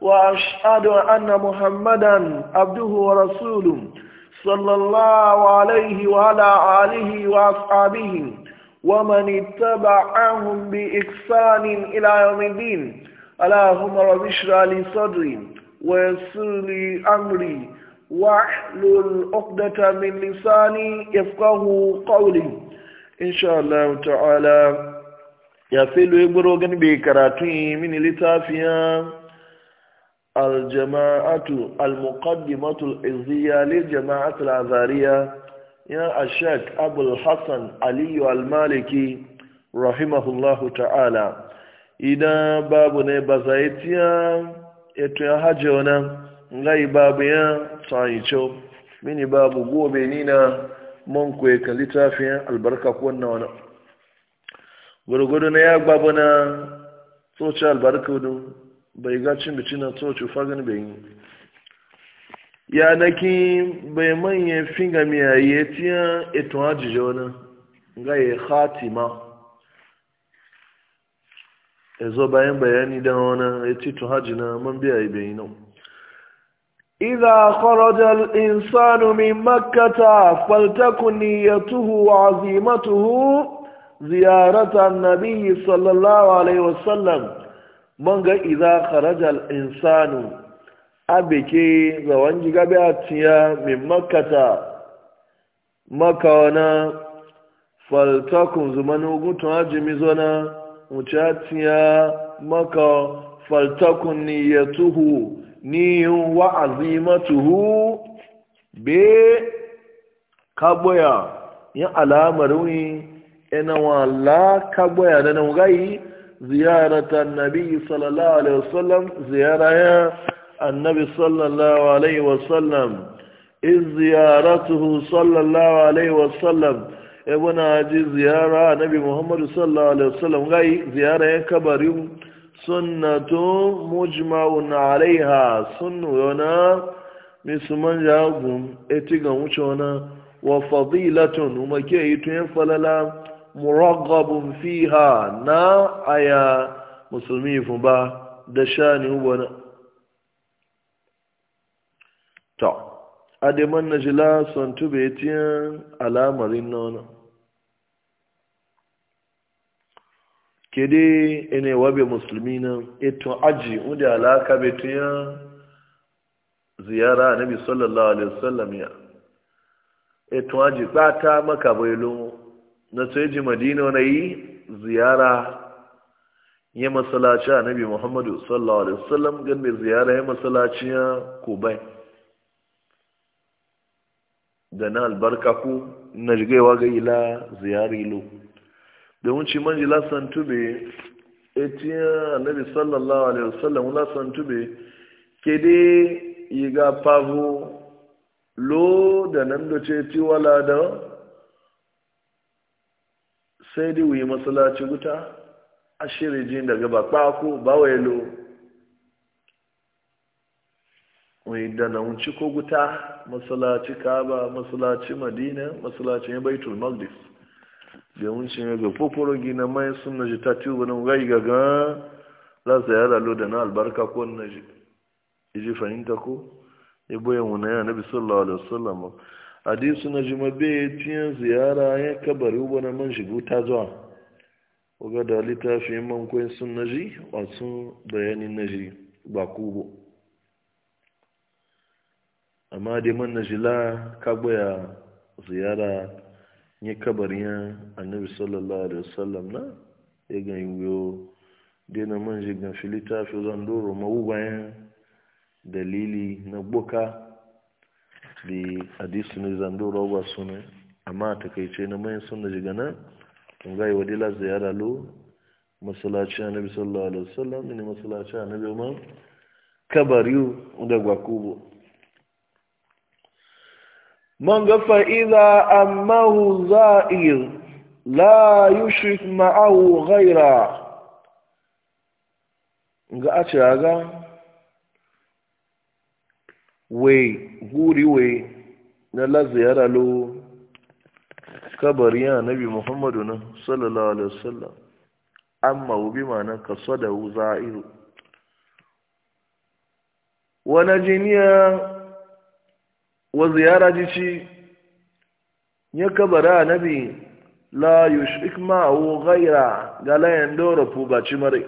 وأشهد أن محمدا عبده ورسوله صلى الله عليه وعلى آله وأصحابه ومن اتبعهم بإحسان إلى يوم الدين اللهم رب اشرح لي صدري ويسر لي أمري واحلل عقدة من لساني يفقه قولي إن شاء الله تعالى يا فيلو يبروغن بكراتي من لتافيا Al-muƙadi aljama'atu almuqaddimatul izziya lil jama'atul azariya ya ashak abul hasan aliyu almaliki rahimahullahu ta'ala idan babu ne ba zaitiya eto ya hajji wani ngai babu ya tsayicho mini babu gobe nina mun kwaye ka littafin albarka ko wannan wani ya babu na tsoci albarka wani bai ga cin gacin da cinan ufa gani bai yi yanaki bai manye finga miya yi etiyan eto ajiye wani ga ya hati ma ezo bayan bayani don wani eti to hajji na man biya ibeyi nan iza korojar insanu mai makata faltaku ni ya tuhu wa zimatuhu ziyarata nabi sallallahu alaihi wasallam man ga iza kharajal insanu abike zawan jiga bi atiya min makkata maka wana faltakun zumanu gutun ajimi zona mutatiya maka faltakun niyatuhu niyun wa azimatuhu be kaboya yin alamarin ina wala kaboya da nan gayi ziyarata nabi sallallahu alaihi wasallam ziyara ya annabi sallallahu alaihi wasallam iz ziyaratuhu sallallahu alaihi wasallam ebona ji ziyara annabi muhammadu sallallahu alaihi wasallam gai ziyara ya kabarin sunnatu mujma'un alaiha sunnu yana musulman jagun etigan wuce wana wa fadilatun umake yi tun falala muragabun fiha na aya musulmi fun ba da shani wani ta ademan na jila son tube tiyan alamarin nona kede ene wabe musulmi na eto aji wunde alaka betiyan ziyara nabi sallallahu alaihi wasallam ya eto aji ta maka bai lumu na sai madina wani yi ziyara ya masalaci a nabi muhammadu sallallahu alaihi wasallam gan mai ziyara ya masalaci ya kubai da na albarka ku na jigaiwa ga ila ziyari lo da wunci manji lasan tube e tiya annabi sallallahu alaihi wasallam lasan tube dai yi ga pavo lo da nan da ce wala da sai dai wuyi masallaci wuta a shirijin daga ba wa yalo wuyi da na wunci ko wuta masallaci kaba masalaci madina masalaci ya baitul maldives da wunci ya ga foforo gina mai sun na jita tubu nan gai gaga za su yi halalo da na albarka ko na ji fahimta ko ya boye wunayen na yana nabi sallallahu hadisu na jimabe tiyan ziyara ya kabari wani man shigo ta zuwa waga da littafin mankwai sun naji wasu bayanin naji ba kubo amma dai man ka kagbaya ziyara ya kabari ya annabi sallallahu alaihi wasallam na ya gan yiwuyo dai na man shigan filita zan doro uba dalili na boka li hadisi ne zando roba suna amma a takaice na mayan suna jiga nan tun gai wa dila ziyara lo masalaci annabi sallallahu alaihi wasallam ne masalaci annabi ma kabariu da gwakubo man ga fa'iza amma ammahu za'ir la yushrik ma'ahu ghaira ga a ce ga we huri we na la ziyara lo kabari ya nabi muhammadu na sallallahu alaihi wasallam amma ubi mana ka sada za'iru wani jiniya wa ziyara jici ya kabara nabi la yushrik ma'ahu gaira ga layan dora fubaci mare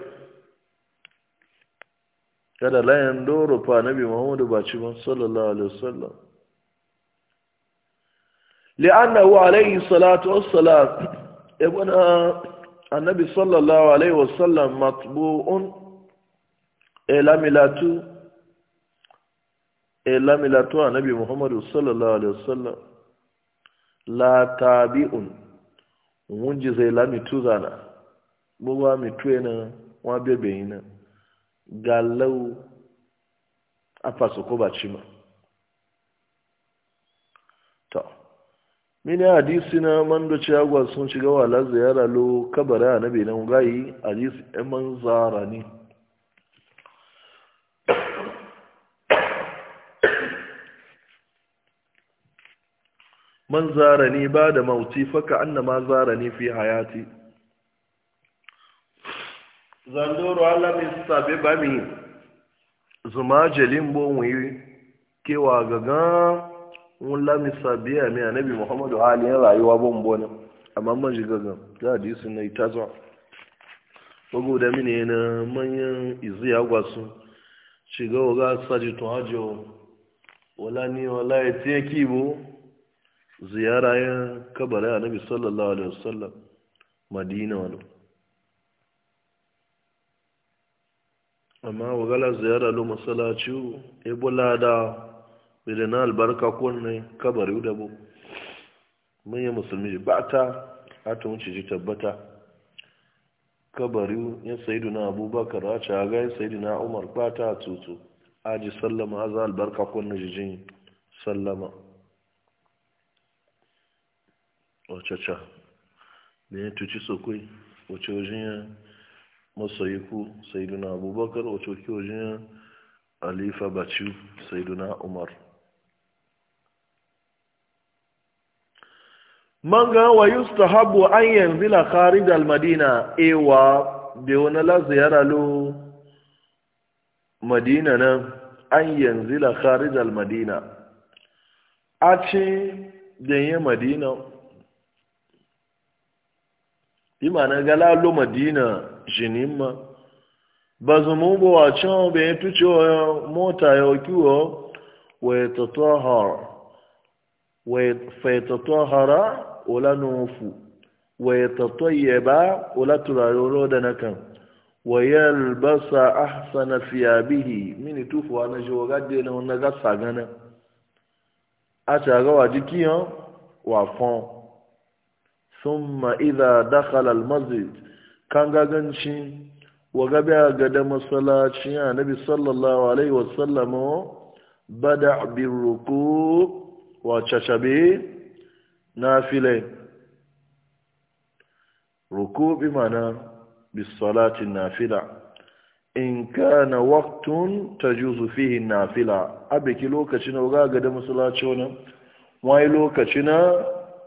kada layan doro fa nabi muhammadu ba ci man sallallahu alaihi wasallam li'annahu alaihi salatu wassalam ibn annabi sallallahu alaihi wasallam matbu'un ila milatu ila milatu annabi muhammadu sallallahu alaihi wasallam la tabi'un wunji zai lamitu zana buwa mitwena wa na. galau a fasu ko ba ci ma ta mini hadisi na mandoci agwa sun shiga wala ziyara lo kabara na benin gayi hadisi man zara ne man zara ne ba da mauti faka annama zara ne fi hayati zandoro ala mi sabe ba mi zuma jelin kewa gaga un la mi sabe anabi muhammadu ali ya rayuwa bon na amma man ji gaga da hadisi na ita zo bugu da mini na manyan izu ya gwasu shiga oga saji to hajo wala ni wala ya tiye kibo ziyara ya anabi sallallahu alaihi wasallam madina wani amma wagala ziyara lo masalaci bula da na albarka kunne kabari da bu mun yi musulmi ba ta hata wuce ji tabbata kabari ya saidu na abubakar a ci ga ya saidu na umar ba ta tutu aji sallama za albarka kunne jijin sallama wacce ne tuci sokoi wace wajen ya masayiku sayiduna abubakar wato kyojin alifa baci sayiduna umar manga wa habu an la kari da madina ewa da wani la ziyara madina nan an la kari da madina a ce da madina na gala lo madina jinima ba zama ugbo wa can bai tuce mota ya kiwo faitatohara ola nufu waitatoyeba ola turaroro da na kan wayalbasa ahsana fiyabihi mini tufuwa na de na wani gasa gana a ki o wa fon summa idha dakhala almasjid kan gaganci wa gabe ga da masallaci annabi sallallahu alaihi wasallam bada birruku wa chachabe nafile ruku bi mana bisalati nafila in kana waqtun tajuzu fihi nafila abiki lokacin ga ga da masallaci wannan wai lokacin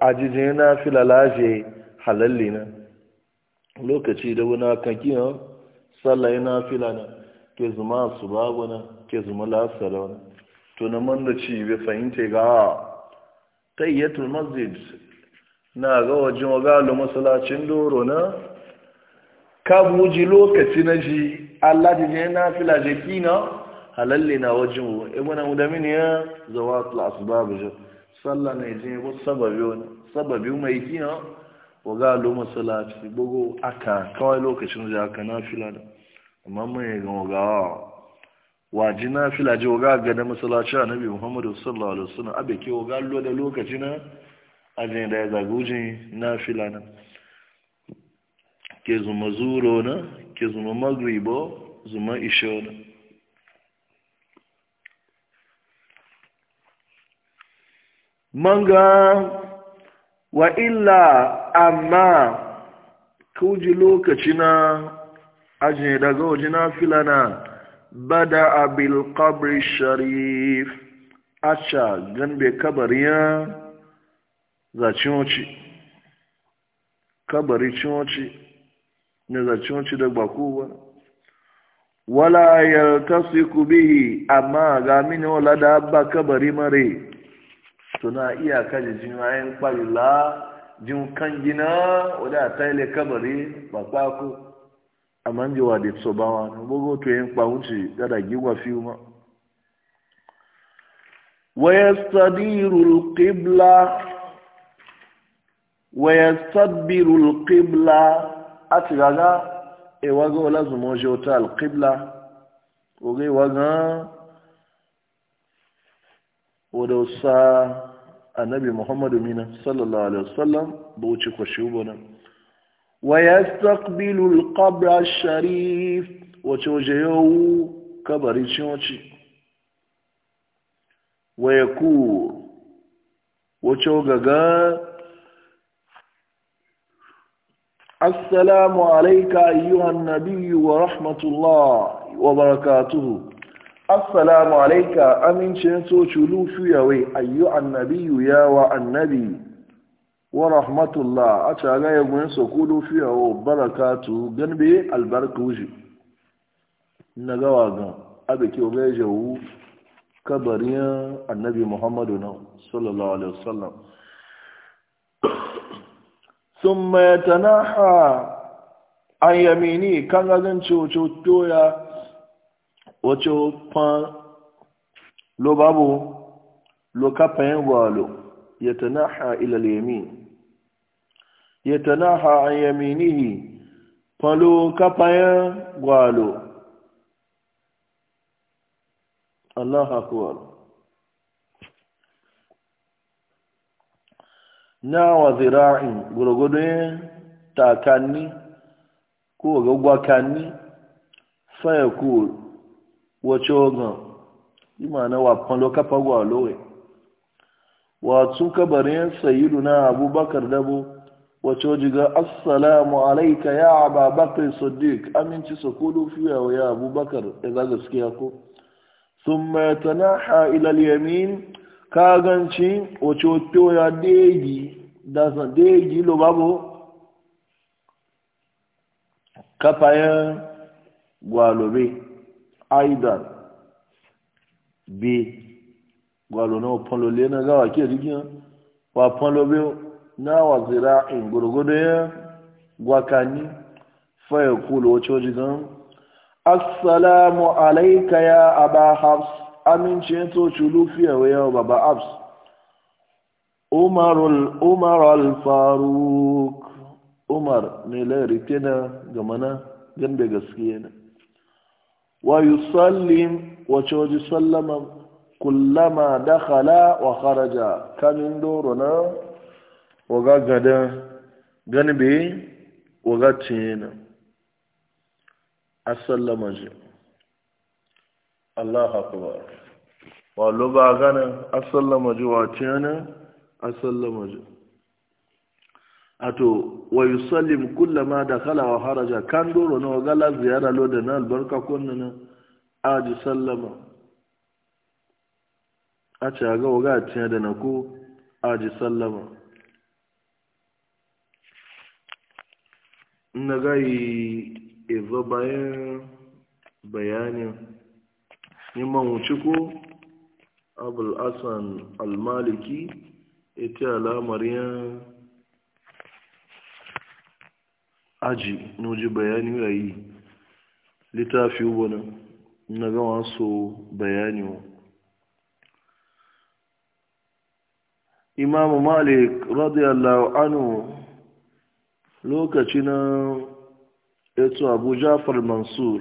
ajiji na filalaje halalli na lokaci da wuna kanki na fila na filana ke zuma su babu na ke zuma lasara wani tunaman da ci bai fahimta ga tayyatul masjid na ga wajen wagalo masalacin doro na kabuji lokaci na ji Allah da jini na filaje kina halalli na wajen wa ibina e mudamin ya zawatul asbabu sallah na jini wasu sababi wani sababin mai kiyan waga lo masalaci bugu aka kawai lokacin da aka na fila da amma mai ga waga waji na fila ji wa ga da masalaci a nabi muhammadu sallallahu alaihi wasallam abe wa ga lo da lokaci na ajin da ya zagujin na fila na ke zuma zuro na ke zuma magribo zuma isho na manga wa illa amma kuji lokaci na ajiye daga waje na filana bada abil kabri sharif acha ganbe kabariya za cinwoci kabari cinwoci ne za cinwoci da baku wala yaltasiku bihi amma ga mini wala da abba kabari mare suna iyaka da jin ayin kwarila jin kan gina wadda ta ile kabari ba kwaku a manjewa da tsobawa na gogo to yin kpawunci gada gigwa fiye ma a القبلة ويستدبر القبلة أتغاغا إيواغا لازم وجوتا القبلة وغي واغا ودوسا النبي محمد مينا صلى الله عليه وسلم بوچي خوشيوبنا ويستقبل القبر الشريف وتوجهو قبر تشوچي ويقول السلام عليك ايها النبي ورحمه الله وبركاته assalamu alaika amincin soci lufu yawai ayyu annabiyu wa annabi wa rahmatullah a caga ya gwen soku lufu yawo barakatu ganbe albarka wuce na gawa gan abiki ogai jawo kabarin annabi muhammadu na sallallahu alaihi wasallam sun mai naha an yamini kan gazin cocotoya ocho pan lo babu lo kafayen walo ya tanaha ilal yamin ya tanaha an yaminihi pan lo kafayen walo Allah akwai na wa zira'in gurgudun takanni ko gagwakanni fayakul wace ogan imana wa kwallo kafa wa lowe watsun kabarin sayidu na abubakar dabo wace ojiga assalamu alaika ya ababakar sadiq aminci su kudu wa ya abubakar ya za gaskiya ko sun mai na ilal yamin kaganci wace otiyo ya degi dasa degi lo babu kafayen gwalobe aidan b gwalo na pọnlole na gawa ke rigin wa pọnlobe na wa zira gurgudu ya gwakani faya kula wace wajen assalamu alaika ya aba habs amince to chulufiya wa yau baba habs umarul umarul faruk umar ne lai ritina ga mana gaske da gaskiya wa yusallim wace waje sallama kullama dakhala wa haraja kamin doro na waga gada ganibe waga tiyena wa ato wa yusallim kullama da kala wa haraja kan ro no gala ziyara lo da na albarka kunna na aji sallama a ce ga tiya da na ko aji sallama na yi eva bayan bayanin neman wuce ko abul asan almaliki ita alamar aji oji bayani yayi littafi wani na gawa so bayani imamu malik radiyallahu Anu lokaci na eto abu jafar mansur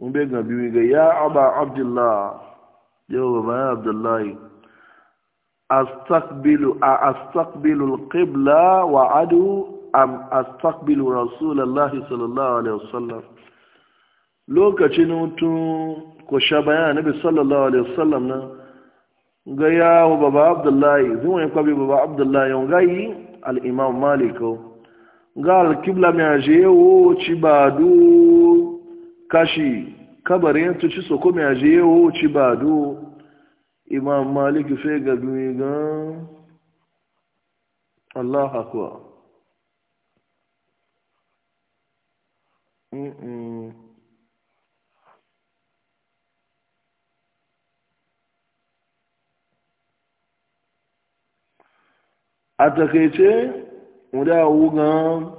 mun bai ga biyu ga ya aba Abdullahi, yau ba bayan abdullahi a astaqbilu alqibla wa adu am astaqbilu rasulullahi sallallahu alaihi wasallam lokacin to ko sha bayan nabi sallallahu alaihi wasallam na ga yawo baba abdullahi zuwa ya kwabi baba abdullahi yau gayi al'imam maliko ga alkibla mai ajiyewo ci badu kashi kabarin ci soko mai yawo ci badu imam maliki fai gabi gan allah akwai Mm-mm. a takaice da wugan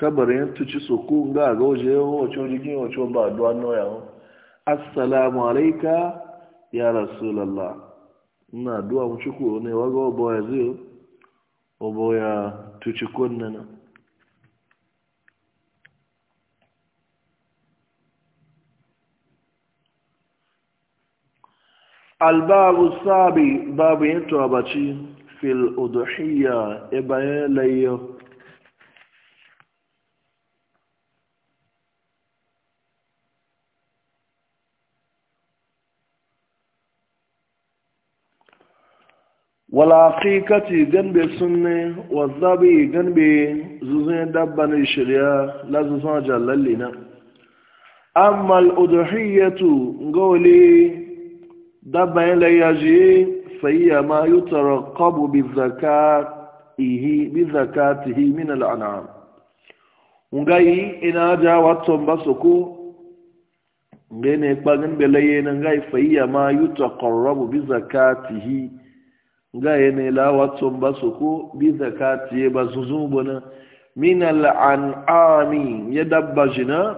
kabarin tuci suku ga ga waje wacce jikin wacce ba aduwa noya assalamu alaika ya rasulallah ina aduwa mu ciku ne waga wa bawa zai وبويا tuchikon الباب السابي باب يتوى بشي في الأضحية إبا ليه walaƙiƙati ganbe sunne wazzabi ganbe zuzun dabba ne shirya lazuzun jalalli na amma al'uduhiyyatu gole dabba yin layaji fayya ma yi kabu bi zakatihi min al'anam ngayi ina ja waton ba su ku ngene kpagin belaye na ngai fayya ma yi kabu bi zakatihi ga yana lawatsun ba su ko bi zakati ba su zubuna min al'an'ami ya dabba jina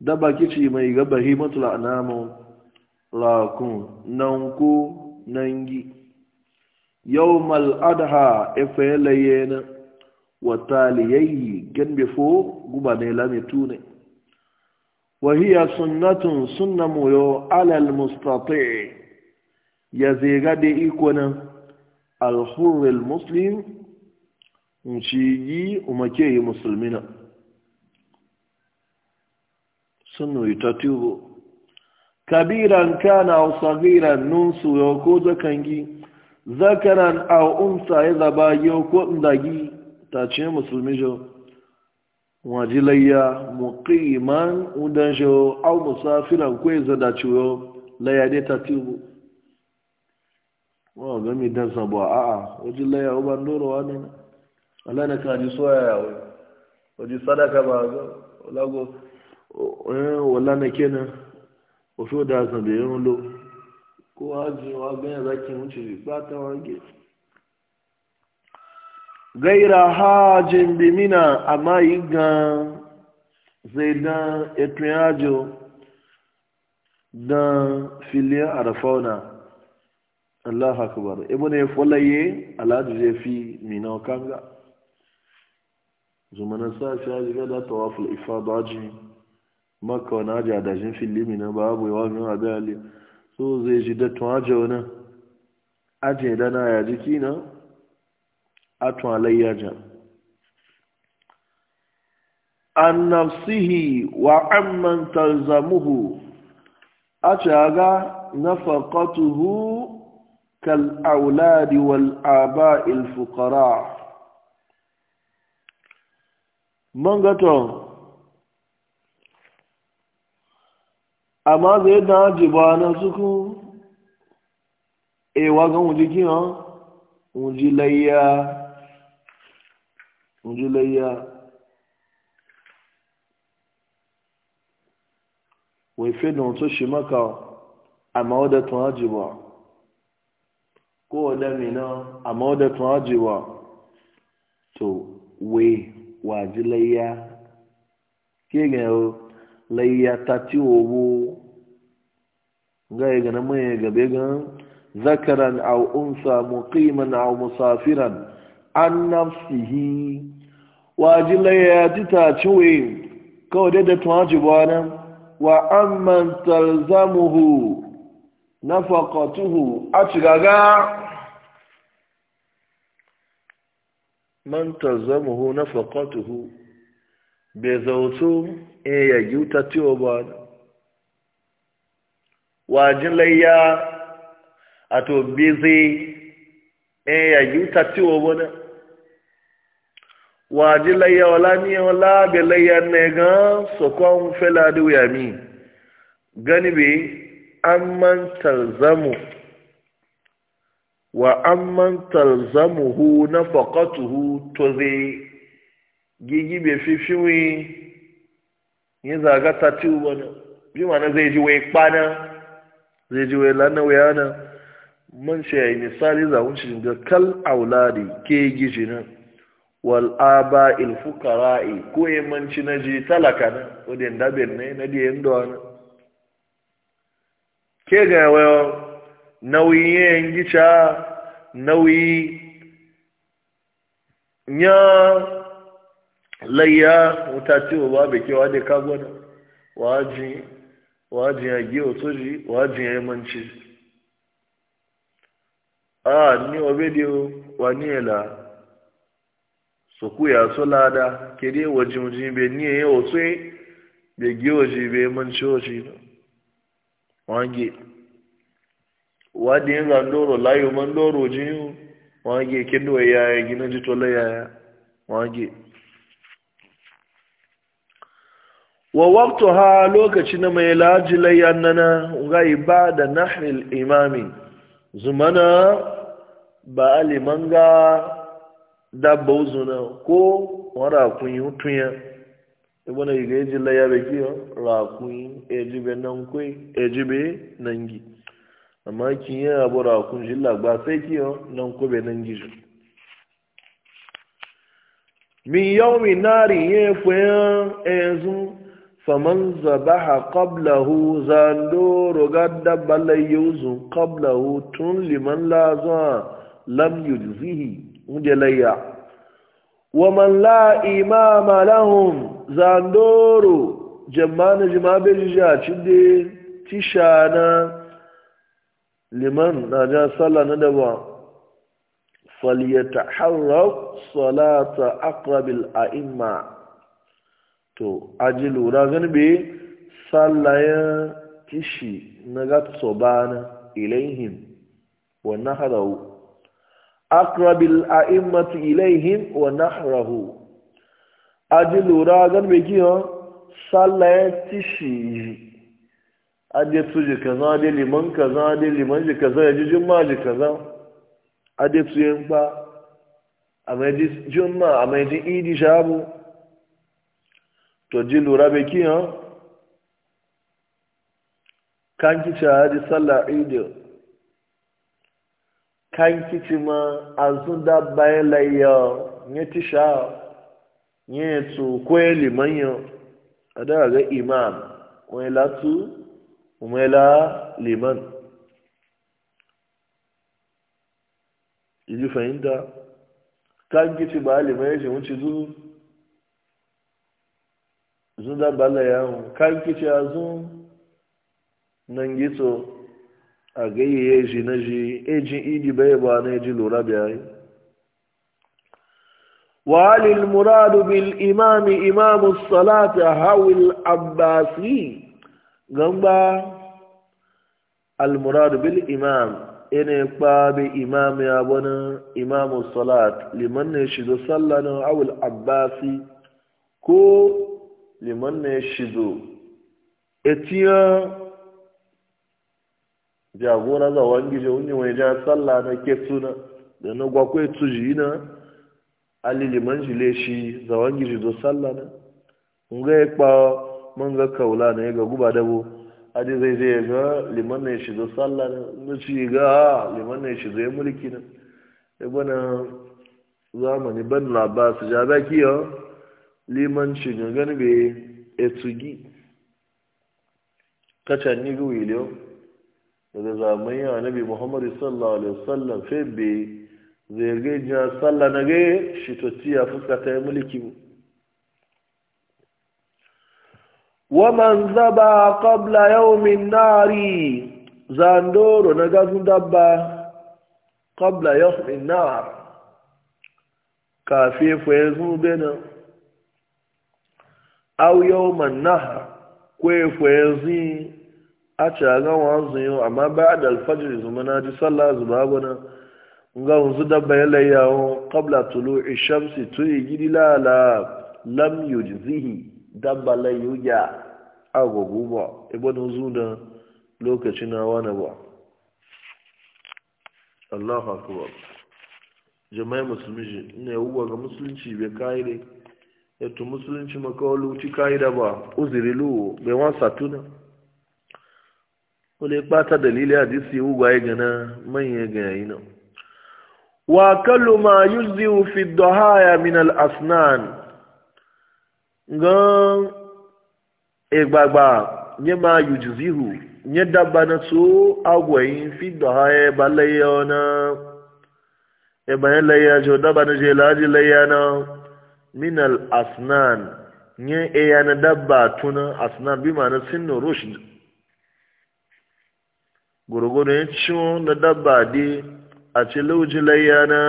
dabba kici mai gaba himatul anamu rakun nan ko nan gi yau mal'adha efe laye na liyayi gan bifo guba ne lamitu ne وهي سنة سنة ميو alal Mustapha? ya zega da iko nan alhurril muslim shi yi umake yi musulmina sunu yi ta tubo kabiran kana au sagiran nunsu ya ko zakangi zakaran au unsa ya zaba ya ko ndagi ta ce musulmi jo wajilayya muqiman udanjo au musafiran ko da zada ciwo layade ta tubo wa ga mi dan sabo a a wajen laya uban doro wani na Allah na kaji soya ya wai wajen sadaka ba ga lago wala na kenan wato da san da yawan lo ko haji wa ga ya zaki mun ci gaira hajin bi mina amma yi gan zai dan etuyajo dan filin arafauna allah akbar ibn ya folaye alhaji zai fi mina kanga zumanin sa shi ya jiga da tawaful ifada ji maka wani aji adajin filimi na babu yawa min abi ali so zai ji da tun aji wani aji da na ya jiki na a tun alayya ja an nafsihi wa amman talzamuhu a ga nafaqatuhu كالأولاد والآباء الفقراء من قطع أما زيدا جبانا سكو إيه واغا مجيكي ها مجي ليا مجي ليا ويفيدنا تشي مكا أما ودتنا جبانا ko da mina amma da tun to we waji layya ke ta ci owo ga ya gana mai gabe gan zakaran au unsa muqiman au musafiran an nafsihi waji layya ji ta ci we kawai da tun ajiwa nan wa amman talzamuhu nafaqatuhu a cigaga man tazamuhu nafaqatuhu bai zautu in yi wuta tiwo ba wajin layya a to bizi in yi wuta tiwo ba na wajin layya wala ni wala bi layya ne ga sokon fela da wuyami gani bi an man tazamuhu wa amman talzamuhu nafaqatuhu toze gigi be fifiwi yin zaga ta ci wani bi mana zai ji wai kpana zai ji wai lana wai ana man shi ya yi misali za wunci ga kal auladi ke gishi nan wal aba il fukara'i ko ya manci na ji talaka na wadda dabin ne na diyan da wani ke ga yawa nauyi yin gica nauyi ya layya wuta ce wa babu kewa da kagwana wajin ya giyo soji wajin ya yi manci a ni obedio wa ni la so ku ya so lada ke wajin wajin bai ni ya yi otu bai giyo ji bai manci oji wange wadi yin zandoro layo man doro jin wage kendo yaya gina jito la yaya wage wa waktu ha lokaci na mai laji layyannana ga ibada nahril imami zumana ba aliman ga dabba uzuna ko wara kun yi tunya ibana yi ga yaji layya bai kiyo rakun ejibe nan kwai ejibe gi amma kin yi abura kun jilla ba sai kiyo nan kube nan gizo min yaumi nari ye fuyan ezu faman zabaha qablahu zandoro gadda balai yuzu qablahu tun liman la zuwa lam yuzihi unde layya wa man la imama lahum zandoro jama'an jama'a bil jachide tishana liman na ja sallah na daba harrab salata akrabil a'imma to aji lura gani be sallayan kishi na gatso na ilaihin wa nahrahu aqrabil a'immati ilaihin wa naharahu aji lura gani be kiyo sallayan kishi adetu je kaza ade liman kaza ade liman ji kaza ya ji jumma ji kaza adetu yin ba a mai ji jumma idi shabu to ji lura bai ki ha kan kici a ji sallah idi kan kici ma a sun da bayan layya ya ti sha ya tu ko liman yau a da ga imam wani latu umela liman yi fahimta kan gici ba liman ya ce wunci zuru zun da bala yawon kan gici a zun nan gito a gayyaye shi na shi ejin idi bai ba na ji lura المراد بالإمام إمام الصلاة هو العباسي gamba almuradu bil imam ene bi imam ya bana imam salat liman ne shizo sallah na awul abbasi ko liman ne shizo etiya jagora za wangije wani wani ja sallah na ketuna da na gwakwai tuji na ali liman jile shi za wangije do sallah na nga ya kpa manga kaula na ya ga guba dabo adi zai zai ga liman ne ya shiga sallah na ci ga liman ne shiga ya mulki na ya bana zamani ban labas ja ba yau liman shi gangan be etugi kacan ni wili yau daga zamani ya bi muhammadu sallah alaihi sallah fai be zai ga sallah na ga shi to tiya fuska ta mulki mu wamanzaba zaba qabla yawmin nari zandoro na gazun dabba qabla yawmin nar kafe fwe zube na aw yawman nahar kwe fwe zi a cagan wanzu yau amma ba da alfajir zuma na ji sallah zuba gwana nga wanzu dabba ya layawo qabla tulu'i shamsi tuyi gidi lala lam yujzihi dabba lai yuga agogo ba ibn uzu da lokaci na wani ba Allahu akbar jama'i musulmi ne uwa ga musulunci bai kaide yato musulunci makawalu ci kaida ba uzuri lu bai wasa tuna wale bata dalili hadisi uwa ya e gana manya e ga na nan wa kallu ma yujzi fi dhahaya min al asnan gan egbagba nye ma yujizihu nye dabba na so agwayin fi da ha ya e ba layya na ya bayan layya jo dabba na je laji layya na minal asnan nye eya na dabba tuna asnan bi ma na sinu rushd gorogoro ya ciwo na dabba di a ce lauji layya na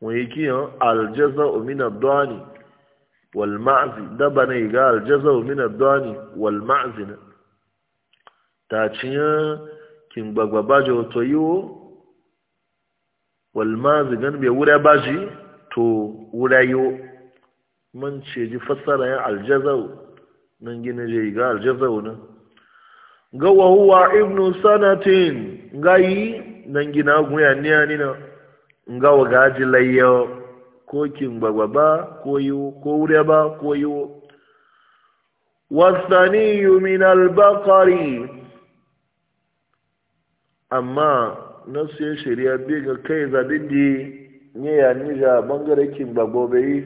wani kiyan aljaza omina duwani والمعز دبني قال جزو من الدواني والمعز تاچيا كين بغبا باجو تويو والمعز غن بي ورا باجي تو ورا يو من شيجي فسر يا الجزو من جن جي قال جزو نا غو هو ابن سنتين غاي نن جنا غويا نيانينا غاو غاجي ليو ko gbagba ba ko yiwu ko wuri ba ko yiwu wasani wasaniyu min albakari amma na siya shirya bi ga kai zabi di ne ya nija bangare kingbagba bai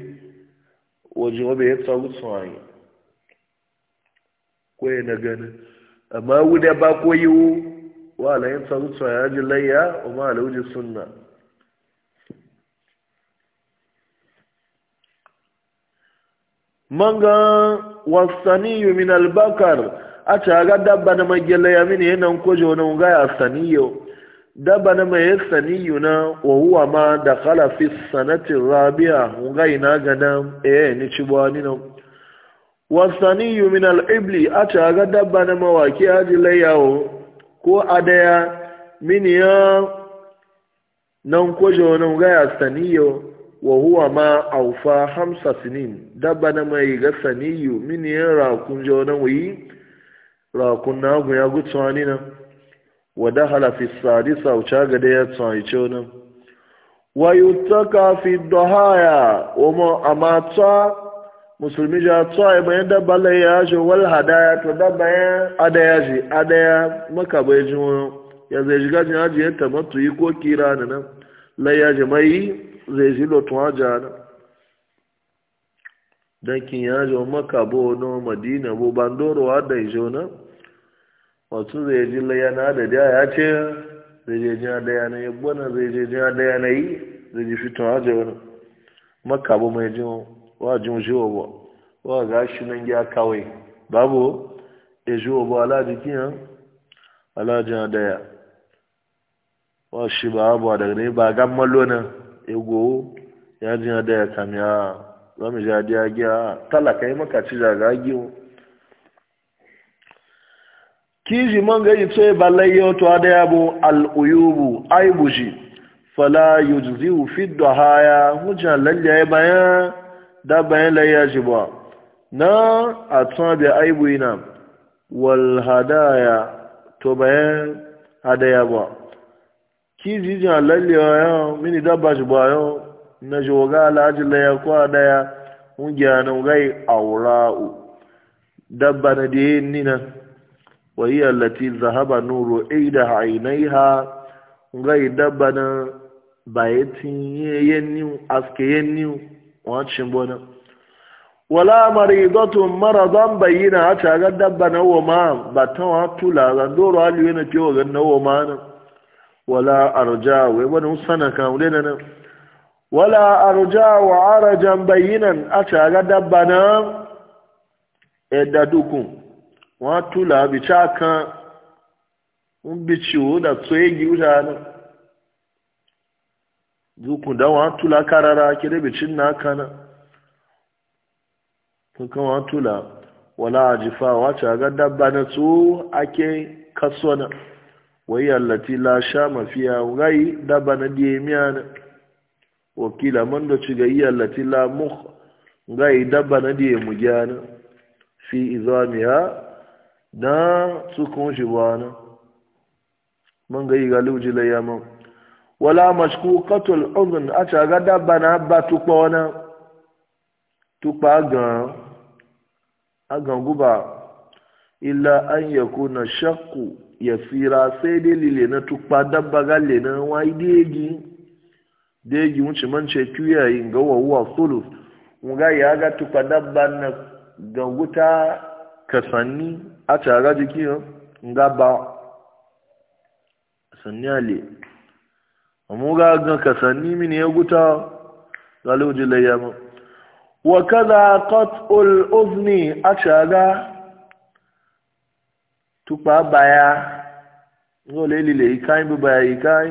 waje wa ya tsawo tsawaye kwaye na gani amma wuri ba ko yiwu wa alayin tsawo tsawaye ajiyar ji layya wa ma alayin sunna manga wasaniyu min albakar a caga dabba na magyala ya mini yanan kojo na nga ya saniyo dabba na mai saniyu na wa huwa ma da kala fi sanatin rabia nga ina gana eh ni cibuwa ni na e, wasaniyu min al'ibli a caga dabba na mawaki haji layawo ko adaya mini ya nan kojo na nga ya saniyo wa huwa ma aufa hamsa sinin dabba na mai ga saniyu mini yin rakun jo na wuyi rakun na gu ya gu tsani na wa dahala fi sadisa uca ga da ya tsani ce na wa yutaka fi dahaya wa ma amata musulmi ja tsaya bayan dabba lai ya jo wal hadaya to dabba ya adaya ji adaya maka bai ji ya zai shiga jin ajiye tamattu yi ko kira na nan lai ya ji mai zai ji lotun hajja na don kin ya jo maka bo na madina bo bandoro da ijo na wasu zai ji layana da daya ya ce zai je jina da yana yi gwana zai je jina da yana yi zai ji fitin hajja wani maka bo mai jin wa jin jiwa ba wa shi nan ya kawai babu ya jiwa ba alaji kiyan alajin daya wa shi ba abuwa daga ne ba gan malo nan ego ya ji na daya kamiya za mu ja diya giya talaka yi makaci da gagiyo kiji man gaji tsaye balayyo to adaya bu al'uyubu buji fala yujziu fi haya hujjan lalle bayan da bayan layya ji ba na atun bi aibu ina wal ya to bayan hadaya ba kijijin alaliya yawon mini dabba shi ba yawon na waga alhaji laya a daya ungiya na gai wura'u dabba na da yin nina wahiyar lati zahaba nuru aida ha gai dabba na bayatin yin niu aske yin niu wancin bona wala mara zan bayyana a tagar dabba na woma ba ta wa tula zandoro aliyu na ciwo gan na woma nan wala arja wai wani sana kan wule na nan wala arja wa arajan bayinan a tare dabba na ẹ̀dà dukun wọ́n túlà bìtsá kan ń bìtsì wò dà tó egi wò dà nù dukun dà wọ́n túlà karara kéde bìtsí nà kan kankan wọ́n wala àjìfà wọ́n tare dabba na tó ake kaso na. wai allati la sha mafiya gai daba na diyemiya na wakila man da ci ga yi allati la mukh gai daba na diyemu gyana fi izamiya na tsukun shi bana man gai ga luji la yama wala mashkuqatul udhun a ta ga daba na ba tukpa wana tukpa gan agan guba illa an yakuna shakku yasira sai dai lile na tukpa dabba ga lena wai degi degi wuce ci man ce tuya yin ga wawuwa solus nga ga ya ga tukpa dabba na ga wuta kasanni a tara jiki nga ba sanni ale mun ga ga kasanni mini ya wuta guta zalojin ma wa kaza qat'ul uzni a tara tukpa baya ngole lile ikai baya ikai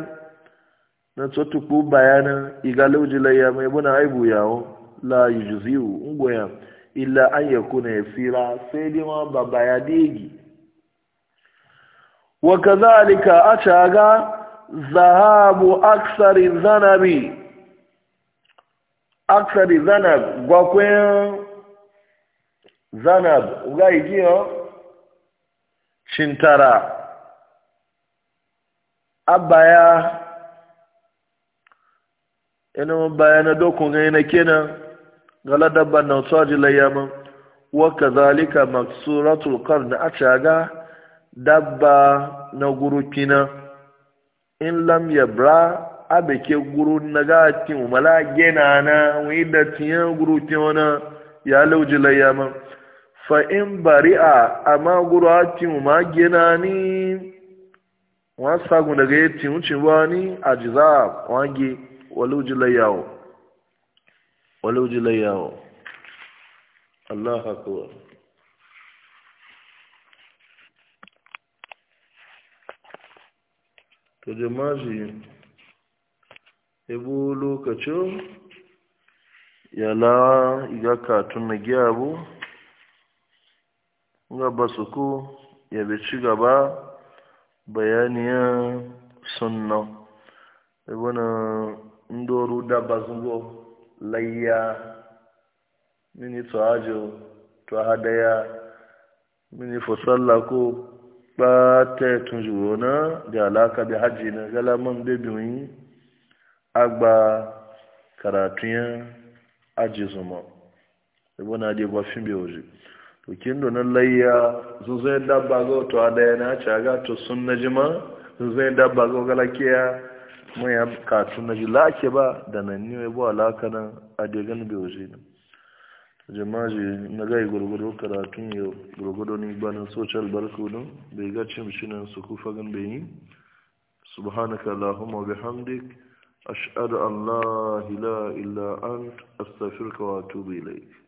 na to tukpa baya na igale ujila ya mebona aibu yao la yujuziu ngwe ila an yakuna yasira sai dai ma baba ya digi wa kadhalika achaga dhahabu akthari dhanabi akthari dhanab gwa kwen dhanab ugaijio shintara ya ina bayana dokun ga yana kenan gala dabban na tsaji layyama wa kazalika maksuratul qarn a caga dabba na guru kina in lam yabra abeke guru na ga tin umala gena na wi da guru tiwana ya lauji layyama fa'in bari'a a magura timu magina ni wọ́n sagun daga yi timu cinwa ni a jiza wangi walujilayawo walujilayawo Allah haƙuwa to jamaji ebo lokacin yala igaka tun na giya abu ga basuku ya bi gaba bayaniyan sunna ibana e ndoru da basungo layya mini to ajo to hadaya mini fosalla ko pata tunjuro na da alaka bi hajji na galaman bebiyoyi agba karatuyan aji zuma ibana e adi ba fin biyoji kin do nan layya su zai dabba go to ada yana caga to sun na jima su zai dabba go galakiya mai ya katu na jila ake ba da nan ne mai buwa lakana a degan bai bi waje ne jama'a na gai gurgudu karatun yau gurgudu ni banin social barku don bai ga cin shi nan su kufa gan bai yi subhanaka allahumma bihamdik ashhadu an la ilaha illa ant astaghfiruka wa atubu ilayk